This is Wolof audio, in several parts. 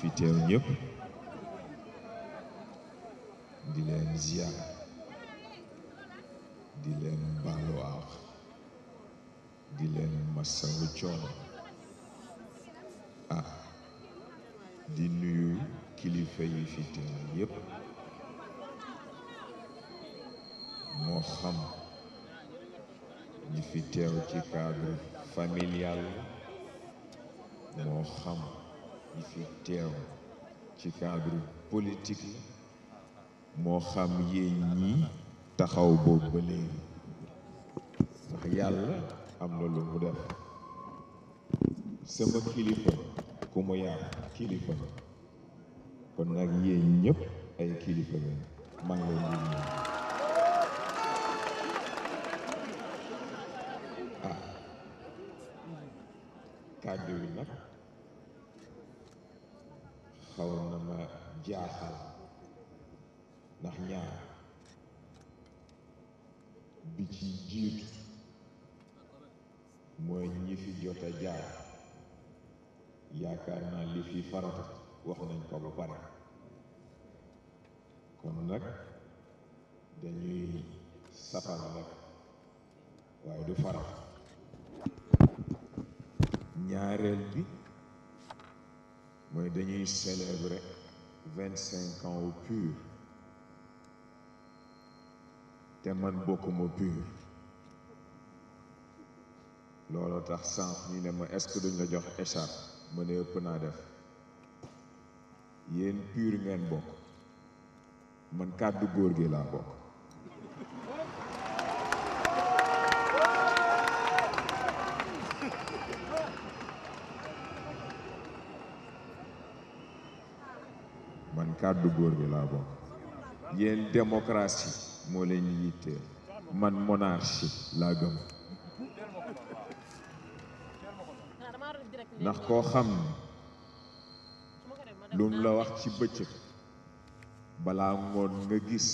fi teew ñëpp di leen ziar di leen baalu di leen masawu coono ah di nuyu kilifa yi fi teew yëpp moo xam ñi fi teew ci cadre familial moo xam ñi fi teew ci cadre politique la moo xam yéen ñii taxaw boobu ba léegi ndax yàlla am na lu mu def sama kilifa ku mu yar kilifa kon nag yéen ñëpp ay kilifa la maa ngi leen di ah kàddu nag xawoon na ma jaaxal ndax ñaar bi ci jiitu mooy ñi fi jot a jaar yaakaar naa li fi farata wax nañ ko ba pare kon nag dañuy safal rek waaye du farata ñaareel bi mooy dañuy célébrer vingt cinq ans au pur te man bokkuma pur looloo tax sànq ñu ne ma est-ce que la jox écharpe ma ne ëpp naa def yéen pur ngeen bokk man kàddu góor gi laa bokk kàddu góor gi laa bokk man monarchie laa ndax koo xam ne lum la wax ci bëccëg balaa ngoon nga gis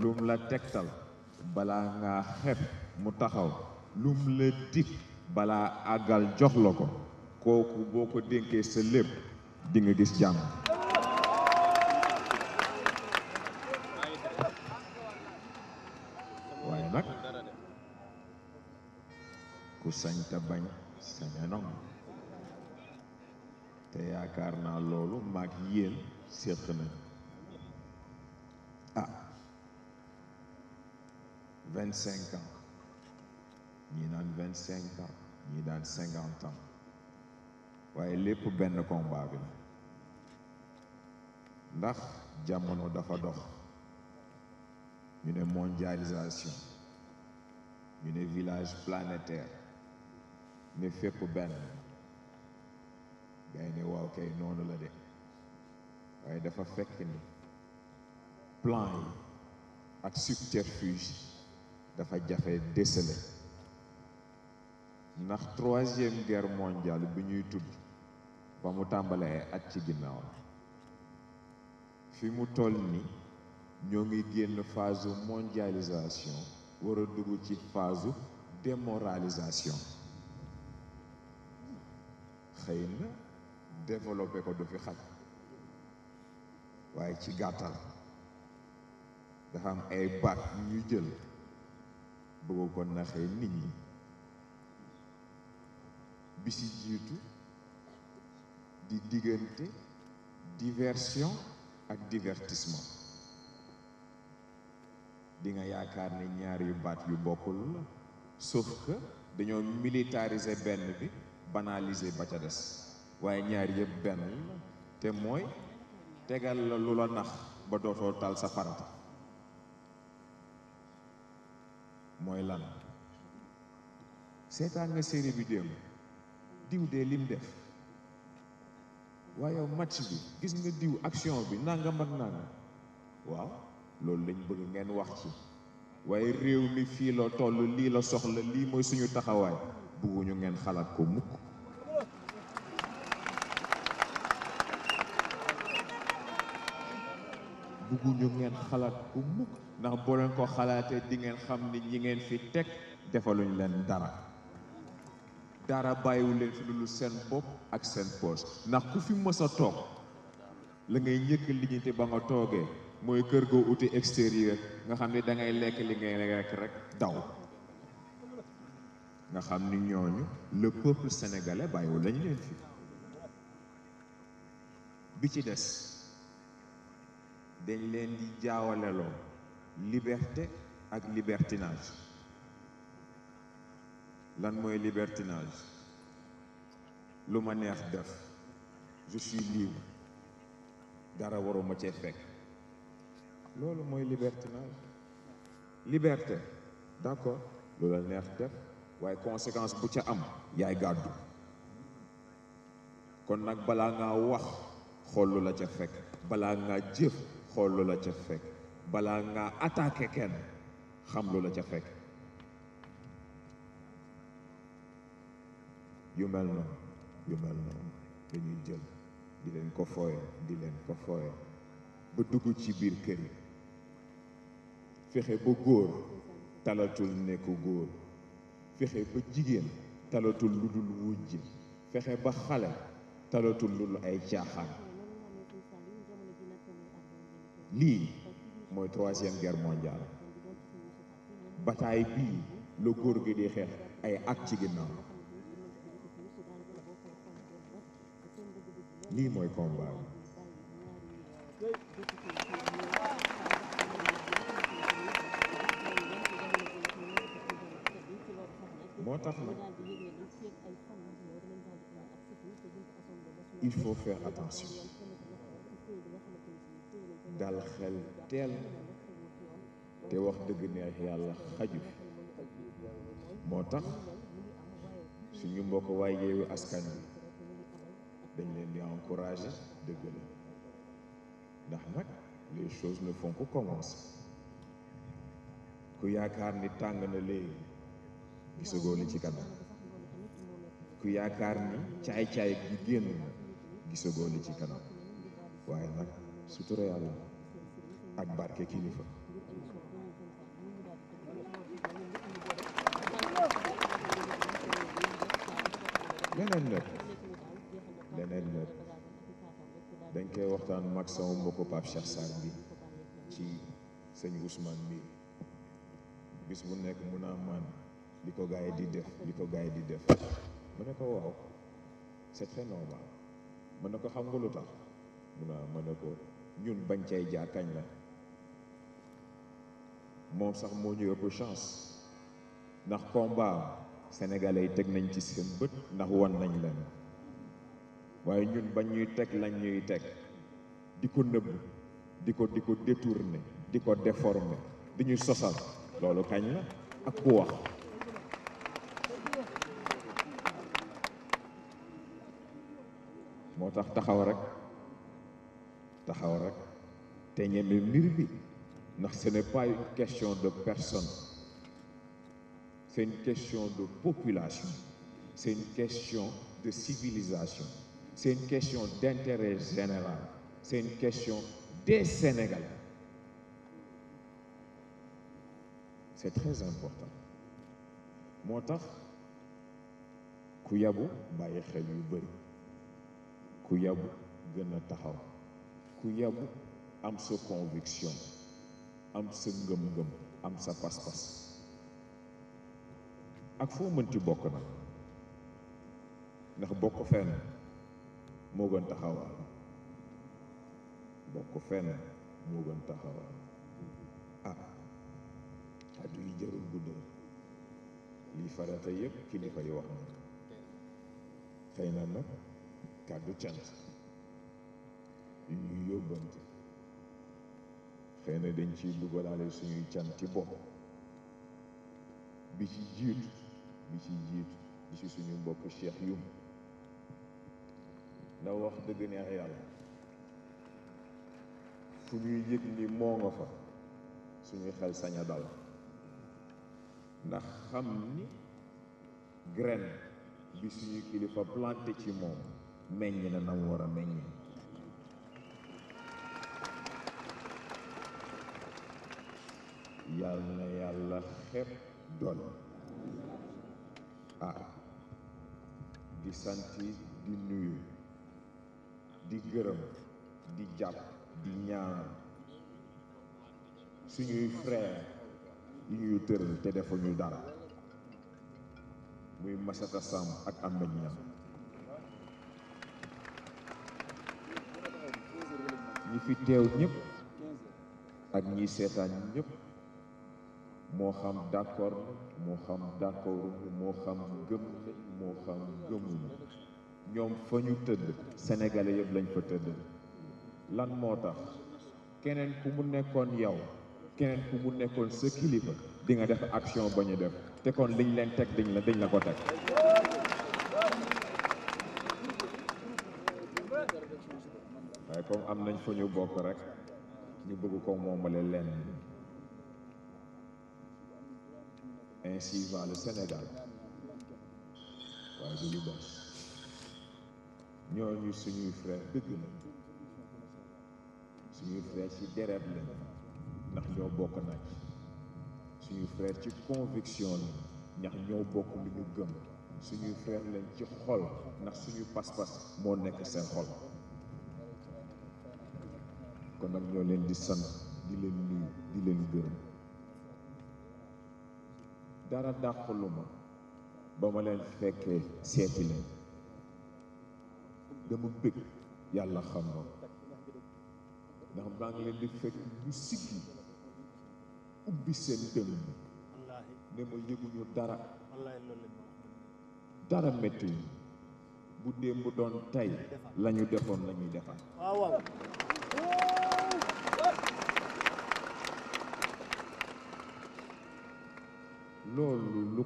lum la tegtal balaa ngaa xeb mu taxaw lum la dig balaa àggal jox la ko kooku boo ko dénkee sa lépp di gis jàmm ku sañ te bañ saña te yaakaar naa loolu maag yéen séq nañ ah vingt cinq ans ñi naan vingt cinq ans ñi daan cinquante waaye lépp benn combat ndax jamono dafa dox ñu ne mondialisation ñu ne village planétaire ni fépp benn gay ni waaw kay noonu la de waaye dafa fekk ni plan yi ak subterfuge dafa jafe déceler ndax troisième guerre mondiale bi ñuy tudd ba mu tàmbalee at ci ginnaaw fi mu toll ni ñoo ngi génn phase mondialisation wara dugg ci phase démoralisation xëy na développé ko du fi xaj waaye ci gàttal dafa am ay baat ñu jël bëgg ko naxee nit ñi bi si jiitu di diggante diversion ak divertissement di nga yaakaar ni ñaar yu baat yu bokkul la sauf que dañoo militariser benn bi banaliser ba ca des waaye ñaar yëpp benn te mooy tegal la lu la nax ba dootoo taal sa farata mooy lan seetaan nga série bi démb diw dee lim def waaye match bi gis nga diw action bi nangam ak nangam waaw loolu lañ bëgg ngeen wax ci waaye réew mi fii la toll lii la soxla lii mooy suñu taxawaay bëgguñu ngeen xalaat ko mukk ngeen xalaat ndax boo leen ko xalaatee di ngeen xam ni ñi ngeen fi teg defaluñ leen dara dara bàyyiwu leen fi lu seen bopp ak seen poos ndax ku fi mës toog la ngay njëkk liggéey ba nga toogee mooy kër goo uti extérieur nga xam ni dangay lekk li ngay rekk rek daw nga xam ni ñooñu le peuple sénégalais bàyyiwul lañu leen fi bi ci des dañ leen di jaawaleloo liberté ak libertinage lan mooy libertinage lu ma neex def je suis libre dara waruma cee fekk loolu mooy libertinage liberté d'accord lu la neex def waaye conséquence bu ca am yaay gàddu kon nag balaa ngaa wax xool la ca fekk balaa ngaa jëf xool la ca fekk balaa ngaa attaqué kenn xam lu la ca fekk yu mel noonu yu mel noonu dañuy jël di leen ko fooye di leen ko fooye ba dugg ci biir kër yi fexe ba góor talatul nekku góor fexe ba jigéen talatul lu dul wujj fexe ba xale talatul lu dul ay caaxaan lii mooy troisième guerre mondiale bataay bii la góor gi di xel ay at ci ginnaaw lii mooy combat tax nag il faut faire attention dal xel teel te wax dëgg neex yàlla xaju moo tax suñu mbokk waay yeewi askan wi dañ leen di encourage dëgg la ndax nag les choses ne font que commencer ku yaakaar ni tàng na léegi gisagoo li ci kanam ku yaakaar ni caay-caay gi génn na gisagoo ci kanam waaye nag sutura yàlla ak barke kilifa leneen nag leneen nag dañ koy waxtaan mag sama mbokku Pape Cheikh bi ci sëñ Ousmane bi bis bu nekk mun naa maan bi ko gars yi di def bi ko gars yi di def mu ne ko waaw c'est très normal mu ne ko xam nga lu tax mun a mu ne ko ñun bañ cay jaar kañ la moom sax moo ñu ëpp chance ndax combat sénégalais yi teg nañ ci seen bët ndax won nañ leen waaye ñun bañ ñuy teg lañ ñuy teg di ko nëbb di ko di ko di ko déformer di ñu sosal loolu kañ la ak ku wax moo tax taxaw rekk taxaw rek te ñeme mbir bi ndax ce n'est pas une question de personne c'est une question de population c'est une question de civilisation c'est une question d'intérêt général c'est une question des Sénégalais c'est très important moo tax ku yabu bàyyi xel yu ku yabu gën a taxaw ku yabu am sa conviction am sa ngëm-ngëm am sa pas-pas ak foo mën ci bokk nag ndax bokk fenn moo gën taxawal bokk fenn moo gën taxawal ah xaddu yi jarul guddal lii farata yëpp kilifa yi wax na xëy na nag kàddu cant yu ñuy yóbbante xëy na dañ ciy dugalaale suñuy cant ci bopp bi ci jiitu bi ci jiitu bi ci suñu mbokk Cheikh Youm ndax wax dëgg neex yàlla fu ñuy yëg ni moo nga fa suñu xel sañ dal ndax xam ni graine bi suñu kilifa planté ci moom meññ na nam war a meññ yal na yàlla xepp doon ah di sant di nuyu di gërëm di jàpp di ñaanal suñuy frère yi ñuy tëral te defuñu dara muy Massata ak Ahmed Niang ñi fi teew ñëpp ak ñi seetaan ñëpp moo xam d'accord moo xam d'accord moo xam gëm moo xam gëmul ñoom fa ñu tëdd sénégalais yëpp lañ fa tëdd lan moo tax keneen ku mu nekkoon yow keneen ku mu nekkoon sa kilifa di nga def action ba ñu def te kon liñ leen teg dañ la dañ la ko teg comme am nañ fu ñu bokk rek ñu bëgg ko moomale leen ainsi va Sénégal waaye du lu bon ñooñu suñuy frère dëgg na suñuy frère ci deret la ndax ñoo bokk naaj suñuy frère ci conviction la ndax ñoo bokk lu ñu gëm suñuy frère lañ ci xol ndax suñu pas-pas moo nekk seen xol kon nag ñoo leen di sant di leen nuyu di leen gërëm dara dàqulu ma ba ma leen fekkee seeti leen dama bëgg yàlla xam na ndax maa ngi leen di fekk ñu siggi ubbi seen dënn ne ma yëguñu dara dara métti bu démb doon tey lañu defoon lañuy defar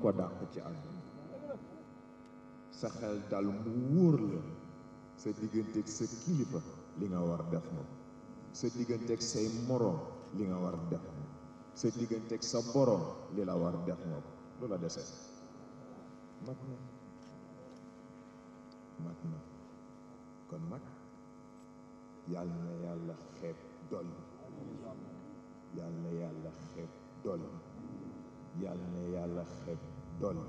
kon dàq ci àdduna sa li nga war def na sa digganteeg say moroom li nga war def na sa digganteeg sa boroom li la war def na ko mag na na yàlla na yàlla xeeb dolli yàlla yàlla xeeb dolli yàlla yàlla xeeb dolli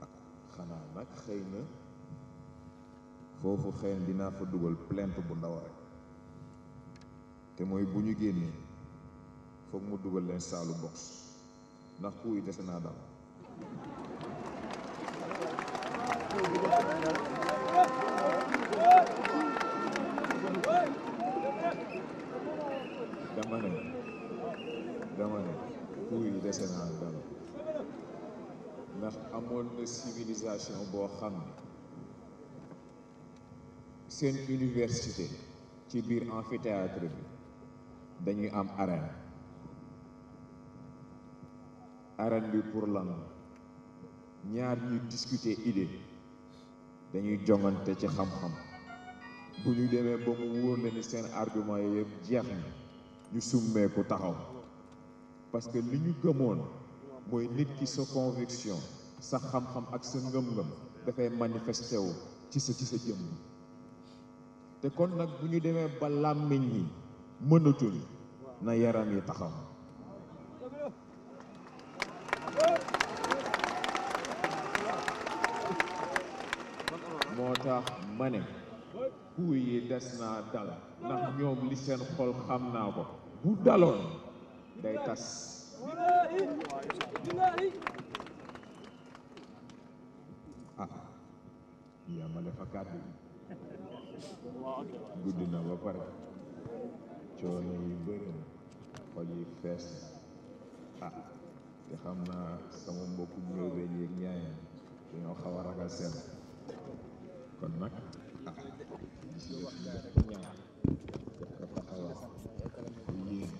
ak xanaa nag xëy na foofu xëy na dinaa fa dugal plainte bu ndaw te mooy bu ñu génnee foog mu dugal leen saalu box ndax kuuy dese naa dama dama ne kuuy dese naa dal ndax amoon na civilisation boo xam ne seen université ci biir amphithéâtre bi dañuy am arène arène bi pour lan ñaar ñuy discuter idée dañuy jongante ci xam-xam bu ñu demee ba mu wóor la ni seen argument yi jeex na ñu summeeku taxaw parce que li ñu gëmoon mooy nit ki sa conviction sa xam-xam ak sa ngëm-ngëm dafay manifesté ci sa ci sa jëmm te kon nag bu ñu demee ba làmmiñ yi mënatul na yaram yi taxaw moo tax ma ne kuy yi des naa dal ndax ñoom li seen xol xam naa ko bu daloon day tas ah yaa ma defa kàddu gudd na ba pare coono yi bëri na yi fees ah te xam naa sama mbokku ñëwee yeeg ñaayam dañoo xaw a ragal seen kon nag ah di si def ñaar def ko taxawal yéen